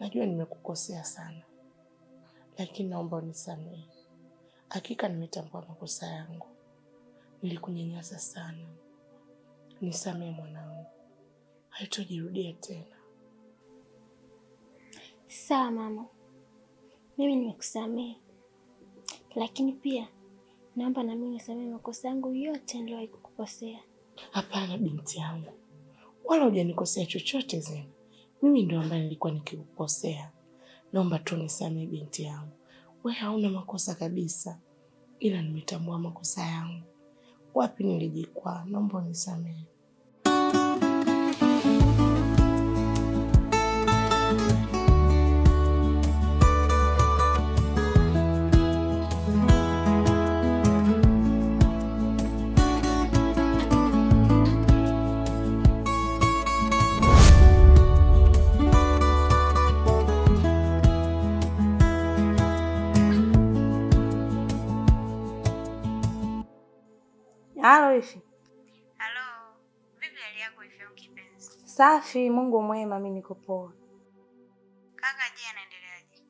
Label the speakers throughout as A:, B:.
A: Najua nimekukosea sana, lakini naomba unisamehe. Hakika nimetambua makosa yangu, nilikunyanyasa sana. Nisamehe mwanangu, haitojirudia tena.
B: Sawa mama, mimi nimekusamehe, lakini pia naomba na mimi nisamehe makosa yangu yote niliyowahi kukukosea.
A: Hapana binti yangu, wala hujanikosea chochote zenu mimi ndo ambaye nilikuwa nikikukosea. Naomba tu nisamehe binti yangu, we hauna makosa kabisa, ila nimetambua makosa yangu, wapi nilijikwaa. Naomba unisamehe.
C: Halo Ifi.
D: Halo. Vipi hali yako Ifi yangu
C: Safi, Mungu mwema, mimi niko poa.
D: Kaka je, anaendeleaje?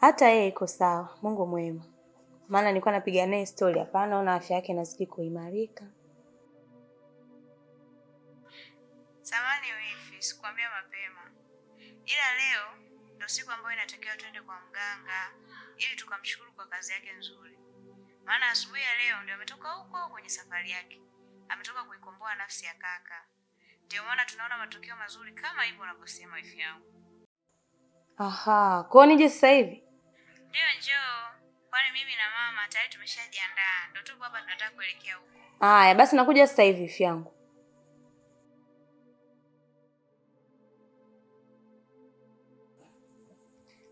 C: Hata yeye iko sawa, Mungu mwema. Maana nilikuwa napiga naye story hapa, naona afya yake inazidi kuimarika.
D: Samani Ifi, sikwambia mapema. Ila leo ndio siku ambayo inatakiwa twende kwa mganga ili tukamshukuru kwa kazi yake nzuri maana asubuhi ya leo ndio ametoka huko kwenye safari yake, ametoka kuikomboa nafsi ya kaka. Ndio maana tunaona matokeo mazuri kama hivyo unavyosema wifi yangu.
C: Aha, kwao nije sasa hivi?
D: Ndio, njoo, kwani mimi na mama tayari tumeshajiandaa, ndio tupo hapa, tunataka kuelekea huko.
C: Haya basi, nakuja sasa hivi wifi yangu.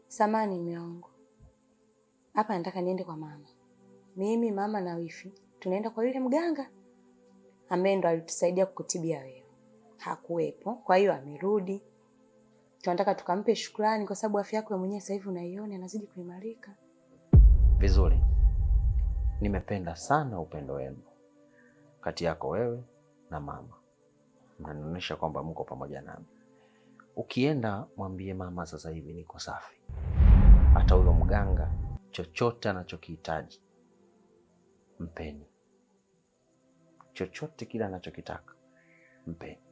C: Samani wangu, hapa, nataka niende kwa mama mimi mama na wifi tunaenda kwa yule mganga ambaye ndo alitusaidia kukutibia wewe, hakuwepo. Kwa hiyo amerudi, tunataka tukampe shukrani kwa sababu afya yako mwenyewe sasa hivi unaiona inazidi kuimarika
E: vizuri. Nimependa sana upendo wenu kati yako wewe na mama, mnanionyesha kwamba mko pamoja nami. Ukienda mwambie mama sasa hivi niko safi, hata huyo mganga chochote anachokihitaji mpeni chochote kile anachokitaka, mpeni.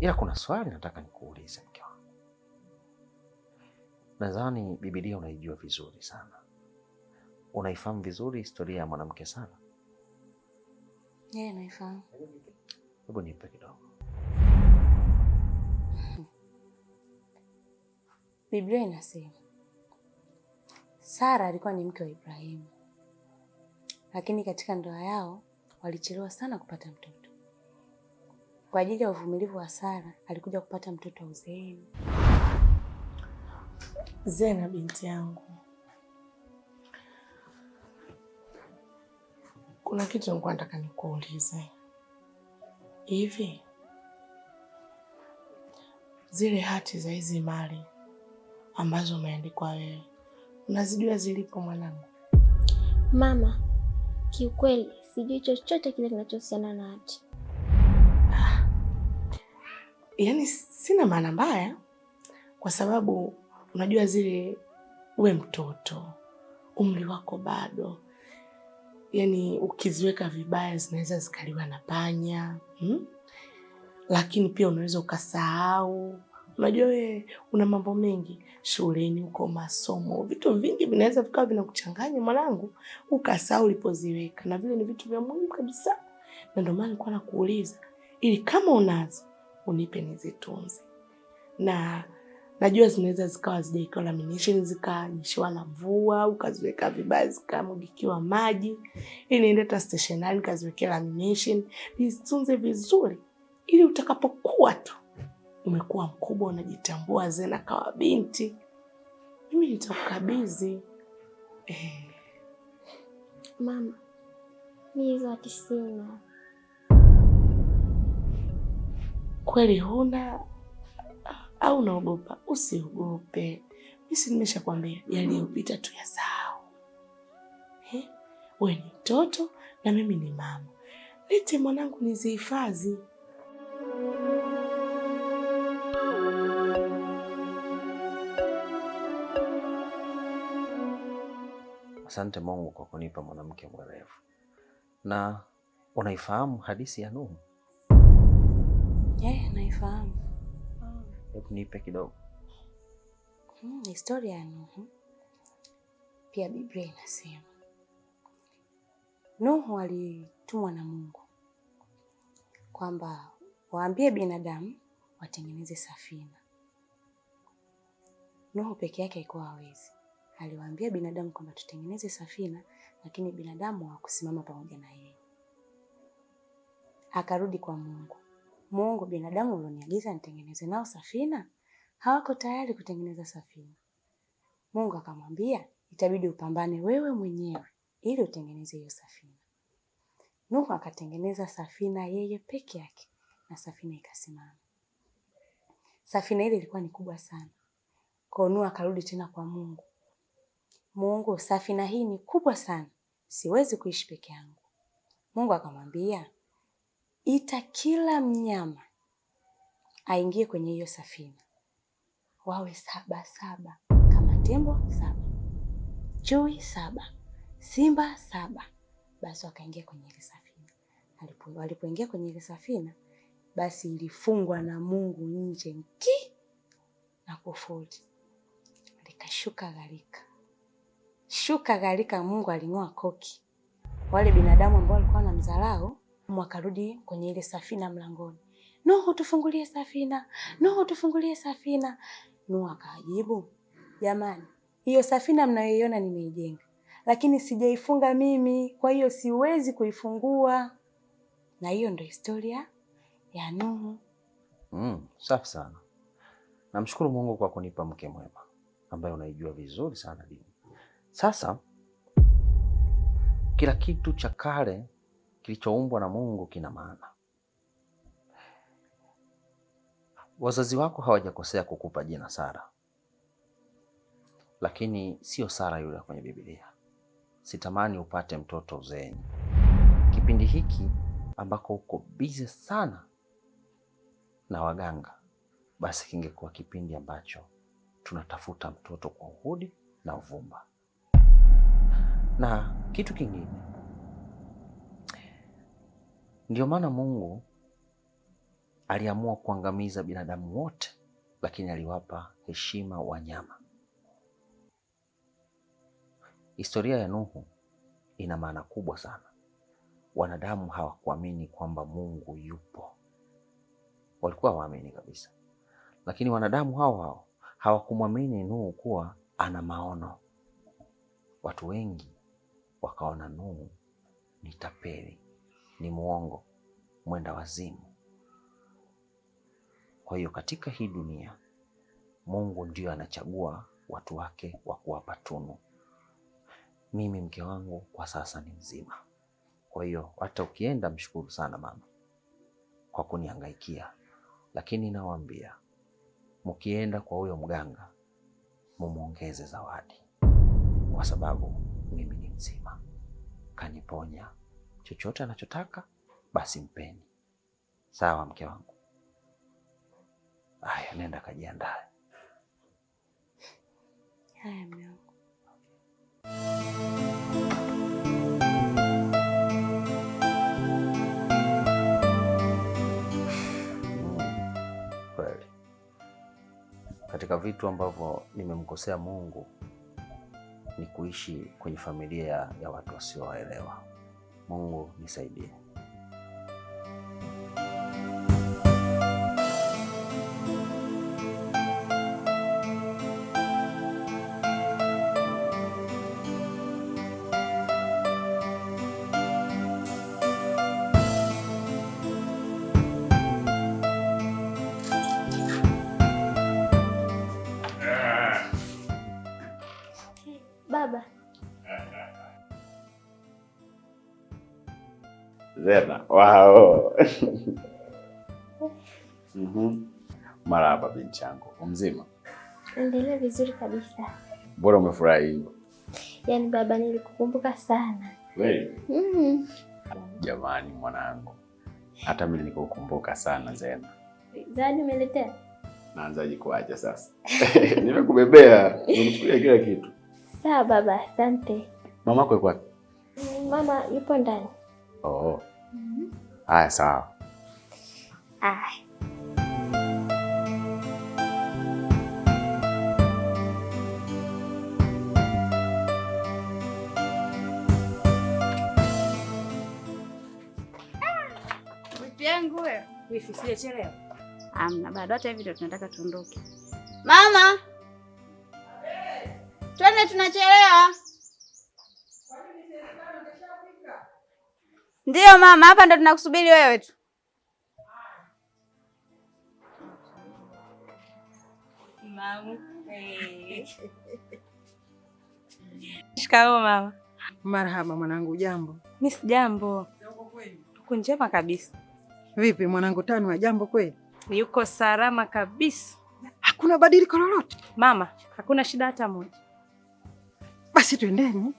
E: Ila kuna swali nataka nikuulize, mke wangu. Nadhani Biblia unaijua vizuri sana, unaifahamu vizuri historia ya mwanamke sana.
C: Yeah, naifahamu.
E: Hebu nipe kidogo.
C: Biblia inasema Sara alikuwa ni mke wa Ibrahimu lakini katika ndoa yao walichelewa sana kupata mtoto. Kwa ajili ya uvumilivu wa Sara alikuja kupata mtoto wa uzeeni.
A: Zena binti yangu, kuna kitu nilikuwa nataka nikuulize. Hivi zile hati za hizi mali ambazo umeandikwa wewe unazijua zilipo mwanangu?
B: Mama, Kiukweli sijui chochote kile kinachohusiana na hati. Ah,
A: yaani sina maana mbaya, kwa sababu unajua zile, uwe mtoto, umri wako bado, yaani ukiziweka vibaya zinaweza zikaliwa na panya hmm? Lakini pia unaweza ukasahau Unajua wewe una mambo mengi shuleni, uko masomo, vitu vingi vinaweza vikawa vinakuchanganya mwanangu, ukasahau ulipoziweka, na vile ni vitu vya muhimu kabisa, na ndio maana nilikuwa nakuuliza ili kama unazo unipe nizitunze, na najua zinaweza zikawa zijaekiwa lamination, zikanyeshewa na mvua, ukaziweka vibaya zikamwagikiwa maji, ili niende ta stationari kaziwekea lamination, nizitunze vizuri, ili utakapokuwa tu umekuwa mkubwa, unajitambua, Zena kawa binti, mimi nitakukabidhi eh.
B: Mama, mimi hizo
A: Kweli huna au unaogopa? Usiogope, mimi nimeshakwambia yaliyopita tu ya yasahau. Eh? Wewe ni mtoto na mimi ni mama, lete mwanangu nizihifadhi.
E: Asante Mungu kwa kunipa mwanamke mwerevu. Na unaifahamu hadithi ya Nuhu?
C: Eh, naifahamu.
E: Hebu nipe kidogo.
C: Hmm, historia ya Nuhu pia Biblia inasema Nuhu alitumwa na Mungu kwamba waambie binadamu watengeneze safina. Nuhu peke yake alikuwa hawezi, aliwaambia binadamu kwamba tutengeneze safina, lakini binadamu hawakusimama pamoja na yeye. Akarudi kwa Mungu. Mungu, binadamu ulioniagiza nitengeneze nao safina hawako tayari kutengeneza safina. Mungu akamwambia itabidi upambane wewe mwenyewe ili utengeneze hiyo safina. Nuhu akatengeneza safina yeye peke yake na safina ikasimama. Safina ile ilikuwa ni kubwa sana. Kwa Nuhu akarudi tena kwa Mungu Mungu safina na hii ni kubwa sana, siwezi kuishi peke yangu. Mungu akamwambia, ita kila mnyama aingie kwenye hiyo safina, wawe saba saba, kama tembo saba, chui saba, simba saba. Basi wakaingia kwenye ile safina. Walipoingia kwenye ile safina, basi ilifungwa na Mungu nje mki na kufuli, likashuka gharika shuka gharika, Mungu aling'oa koki wale binadamu ambao walikuwa na mdharau, mwakarudi kwenye ile safina mlangoni, Nuhu tufungulie safina, Nuhu tufungulie safina. Nuhu akajibu, jamani, hiyo safina mnayoiona nimeijenga, lakini sijaifunga mimi, kwa hiyo siwezi kuifungua. Na hiyo ndo historia ya Nuhu.
E: Mm, safi sana. Namshukuru Mungu kwa kunipa mke mwema ambaye unaijua vizuri sana dini sasa kila kitu cha kale kilichoumbwa na Mungu kina maana. Wazazi wako hawajakosea kukupa jina Sara, lakini sio Sara yule kwenye Biblia. Sitamani upate mtoto uzeeni, kipindi hiki ambako uko bize sana na waganga, basi kingekuwa kipindi ambacho tunatafuta mtoto kwa uhudi na uvumba. Na kitu kingine, ndio maana Mungu aliamua kuangamiza binadamu wote, lakini aliwapa heshima wanyama. Historia ya Nuhu ina maana kubwa sana. Wanadamu hawakuamini kwamba Mungu yupo, walikuwa waamini kabisa, lakini wanadamu hao hao hawakumwamini Nuhu kuwa ana maono. Watu wengi wakaona Nuhu ni tapeli, ni mwongo, mwenda wazimu. Kwa hiyo katika hii dunia Mungu ndio anachagua watu wake wa kuwapa tunu. Mimi mke wangu kwa sasa ni mzima, kwa hiyo hata ukienda mshukuru sana mama kwa kunihangaikia, lakini nawaambia mkienda kwa huyo mganga mumwongeze zawadi kwa sababu kaniponya. Chochote anachotaka basi mpeni. Sawa mke wangu. Haya, nenda kajiandae. Haya mke wangu. katika vitu ambavyo nimemkosea Mungu ni kuishi kwenye familia ya watu wasiowaelewa. Mungu nisaidie. Zena wao mm-hmm. Marahaba binti yangu, mzima?
B: Endelea vizuri kabisa.
E: Bora umefurahi hivyo.
B: Yaani baba, nilikukumbuka sana
E: wewe. Mm-hmm. Jamani mwanangu, hata mimi nilikukumbuka sana Zena.
B: Zawadi umeletea?
E: Naanzaje kuacha sasa? Nimekubebea, nimekuchukulia kila kitu.
B: Sawa baba, asante.
E: Mamako yuko wapi?
B: Mama yupo ndani.
E: Oh. Mm-hmm. Haya, mm -hmm. Sawa.
B: Ah.
F: Sijachelewa
G: amna, bado hata hivi ndio tunataka tuondoke.
F: Mama, twende, tunachelewa. Ndiyo mama, hapa ndo tunakusubiri wewe tu.
H: Eh. Shikamoo mama.
A: Marhaba mwanangu, jambo?
H: Mimi si jambo. Uko njema kabisa.
A: Vipi mwanangu Tanu, wa jambo kweli?
H: Yuko salama kabisa,
A: hakuna badiliko lolote
H: mama, hakuna shida hata moja.
A: Basi twendeni.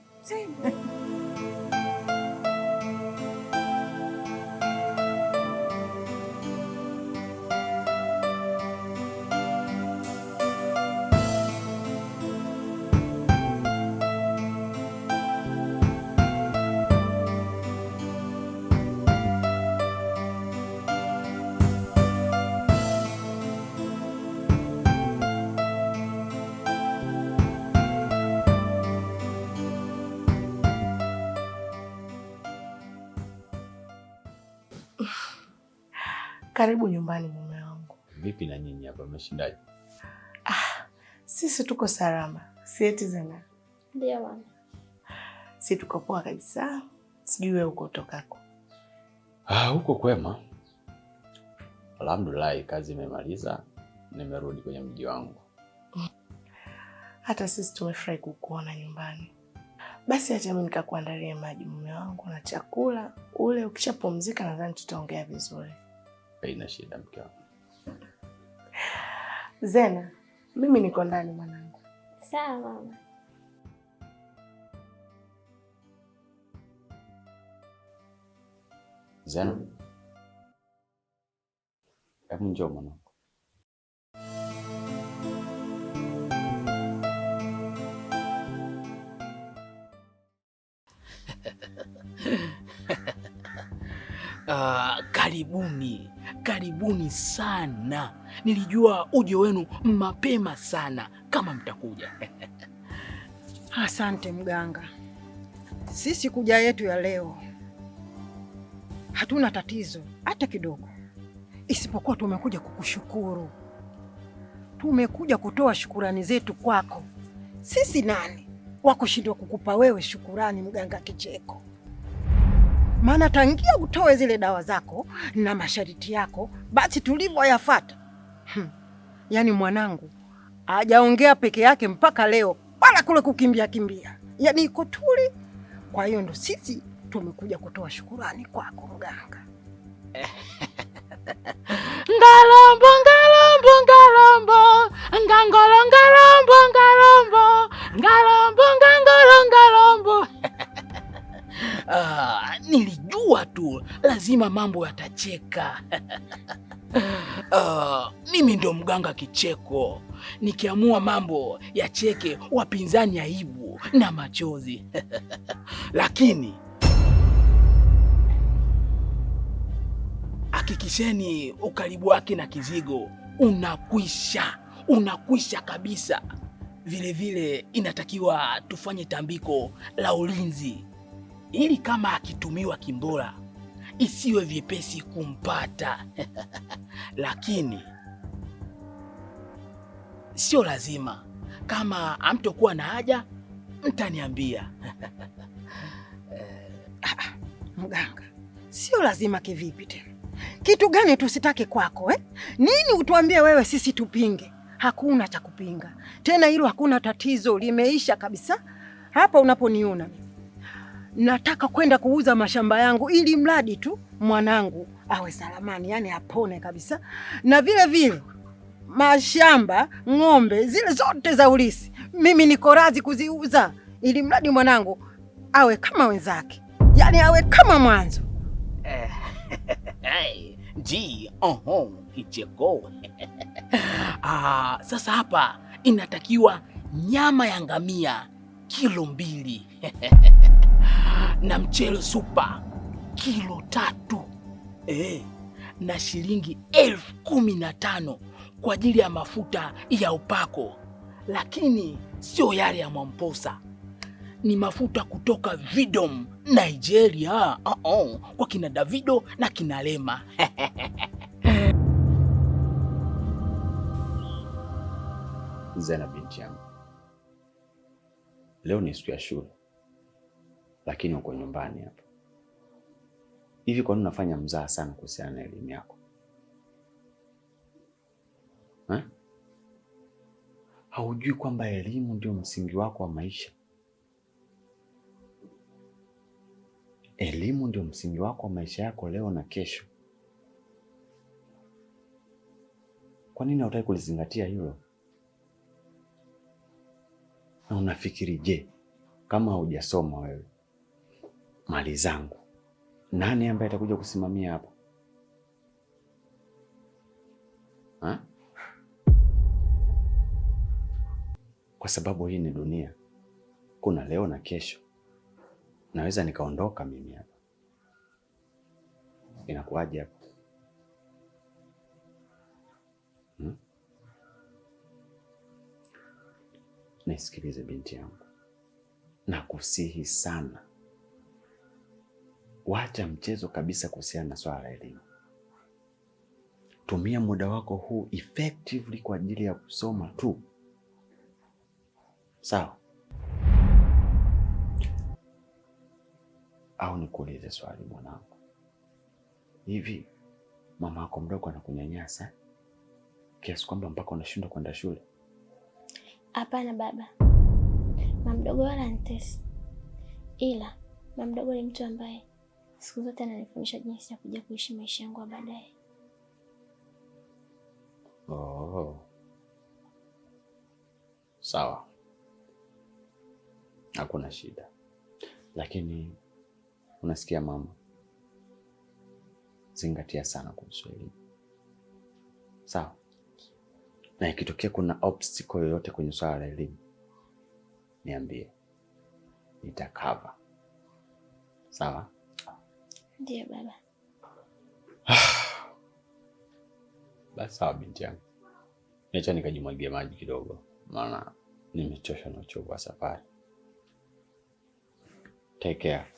A: Karibu nyumbani mume wangu.
E: Vipi na nyinyi hapa mmeshindaje?
A: Ah, sisi tuko salama. Si eti zana. Ndio mama. Si tuko poa kabisa. Sijui wewe uko utokako.
E: Ah, huko kwema. Alhamdulillah, kazi imemaliza, nimerudi kwenye mji wangu.
A: Hata sisi tumefurahi kukuona nyumbani. Basi acha mimi nikakuandalie maji mume wangu na chakula ule, ukishapumzika nadhani tutaongea vizuri.
E: Haina shida mke wangu.
A: Zena, mimi niko ndani mwanangu.
B: Sawa mama.
E: Zena, hebu njoo mwanangu.
I: Uh, karibuni karibuni sana. Nilijua ujo wenu mapema sana kama mtakuja.
A: Asante mganga. Sisi kuja yetu ya leo hatuna tatizo hata kidogo, isipokuwa tumekuja kukushukuru. Tumekuja kutoa shukurani zetu kwako. Sisi nani wa kushindwa kukupa wewe shukurani, mganga Kicheko? maana tangia utoe zile dawa zako na mashariti yako basi tulivyoyafata, hmm. Yaani mwanangu hajaongea peke yake mpaka leo, wala kule kukimbia kimbia, yaani iko tuli. Kwa hiyo ndo sisi tumekuja kutoa shukurani kwako mganga. Ngalombo, ngalombo, ngalombo, ngangolo,
I: ngalombo, ngalombo, ngalombo kuwa tu, lazima mambo yatacheka. Uh, mimi ndo mganga kicheko, nikiamua mambo yacheke, wapinzani aibu na machozi lakini hakikisheni ukaribu wake na kizigo unakwisha, unakwisha kabisa. Vilevile vile inatakiwa tufanye tambiko la ulinzi ili kama akitumiwa kimbora isiwe vyepesi kumpata lakini sio lazima. Kama amtokuwa na haja mtaniambia.
A: Mganga, sio lazima kivipi tena? Kitu gani tusitake kwako eh? Nini utuambie wewe sisi tupinge? Hakuna cha kupinga tena, hilo hakuna tatizo, limeisha kabisa hapa unaponiona nataka kwenda kuuza mashamba yangu ili mradi tu mwanangu awe salamani, yani apone kabisa, na vile vile mashamba, ng'ombe zile zote za ulisi, mimi niko radhi kuziuza ili mradi mwanangu awe kama wenzake, yani awe kama mwanzo.
I: Ji eh, oho uh-huh, kicheko. Ah, sasa hapa inatakiwa nyama ya ngamia kilo mbili na mchele supa kilo tatu eh, na shilingi elfu kumi na tano kwa ajili ya mafuta ya upako, lakini sio yale ya Mwamposa, ni mafuta kutoka Vidom Nigeria. Uh -oh, kwa kina Davido na kina Lema
E: Zena binti yangu leo ni siku ya shule, lakini uko nyumbani hapa hivi. Kwa nini unafanya mzaa sana kuhusiana na elimu yako ha? Haujui kwamba elimu ndio msingi wako wa maisha? Elimu ndio msingi wako wa maisha yako leo na kesho. Kwa nini hautaki kulizingatia hilo? na unafikiri je, kama hujasoma wewe mali zangu, nani ambaye atakuja kusimamia hapo ha? Kwa sababu hii ni dunia, kuna leo na kesho. Naweza nikaondoka mimi hapa, inakuwaje hapo? Nisikilize binti yangu, nakusihi sana, wacha mchezo kabisa kuhusiana na swala la elimu. Tumia muda wako huu effectively kwa ajili ya kusoma tu, sawa? Au nikuulize swali mwanangu, hivi mama yako mdogo anakunyanyasa kiasi kwamba mpaka unashindwa kwenda shule?
B: Hapana baba, mamdogo wala nitesi ila mamdogo ni mtu ambaye siku zote ananifundisha jinsi ya kuja kuishi maisha yangu ya baadaye.
E: Oh. Sawa, hakuna shida, lakini unasikia mama, zingatia sana kuhusu elimu. Sawa na ikitokea kuna obstacle yoyote kwenye swala la elimu niambie, nitakava. Sawa?
B: Ndio baba.
E: Basi sawa, binti yangu, niacha nikajimwagia maji kidogo, maana nimechoshwa na uchovu wa safari. Take care.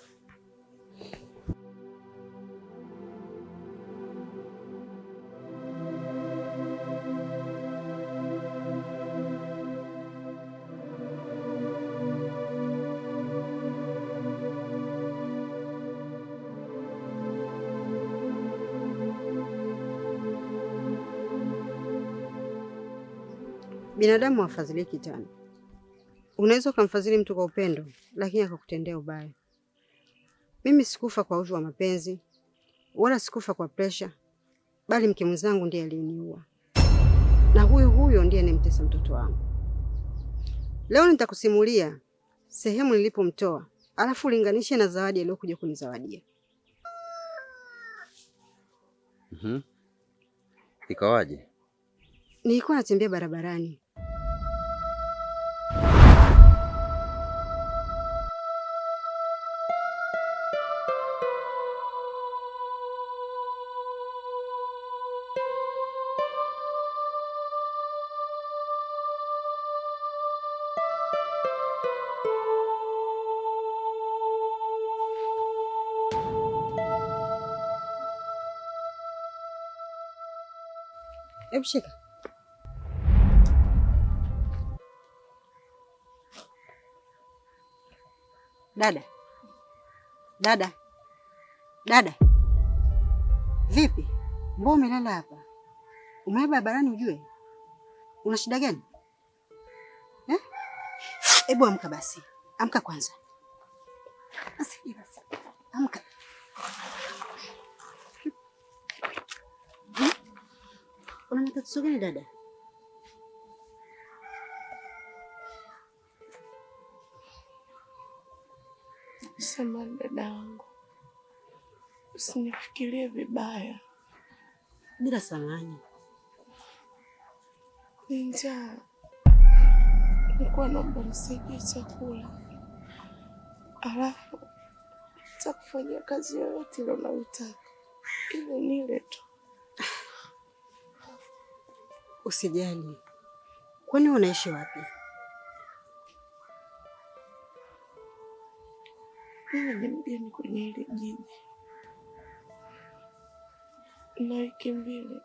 C: Binadamu hafadhiliki tena. Unaweza ukamfadhili mtu kwa upendo, lakini akakutendea ubaya. Mimi sikufa kwa uchu wa mapenzi wala sikufa kwa presha, bali mke mwenzangu ndiye aliniua, na huyo huyo ndiye anemtesa mtoto wangu. Leo nitakusimulia sehemu nilipomtoa, alafu ulinganishe na zawadi aliyokuja kunizawadia.
E: mm -hmm. Ikawaje?
C: Nilikuwa natembea barabarani Hebu shika. Dada, dada, dada, vipi? Mbona umelala hapa? Umewahi barabarani ujue? Una shida gani? Hebu eh? amka basi, amka kwanza. Amka. Una matatizo gani dada?
J: Samahani dada wangu, usinifikirie vibaya.
C: Bila samahani,
J: ni njaa. Nilikuwa naomba nisaidie chakula, alafu nitakufanyia kazi yoyote ile unayoitaka, ile nile tu.
C: Usijali. Kwani unaishi wapi?
J: Mimi ni mgeni kwenye hili jiji na wiki mbili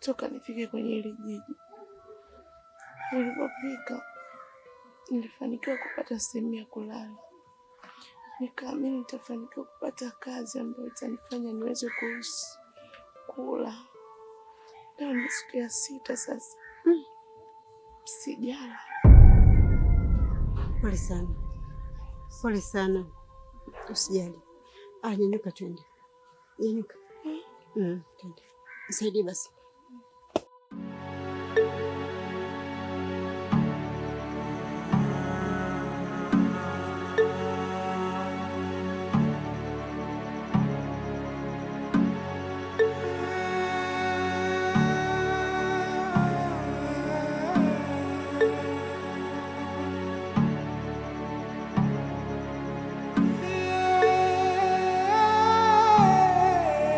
J: toka nifike kwenye hili jiji. Nilipofika nilifanikiwa kupata sehemu ya kulala, nikaamini nitafanikiwa kupata kazi ambayo itanifanya niweze kuishi, kula Leo ni siku ya sita sasa, hmm. Sijala.
C: Pole sana, pole sana, usijali. Ah, nyanyuka twende, nyanyuka, eh? hmm. Twende, nisaidie basi.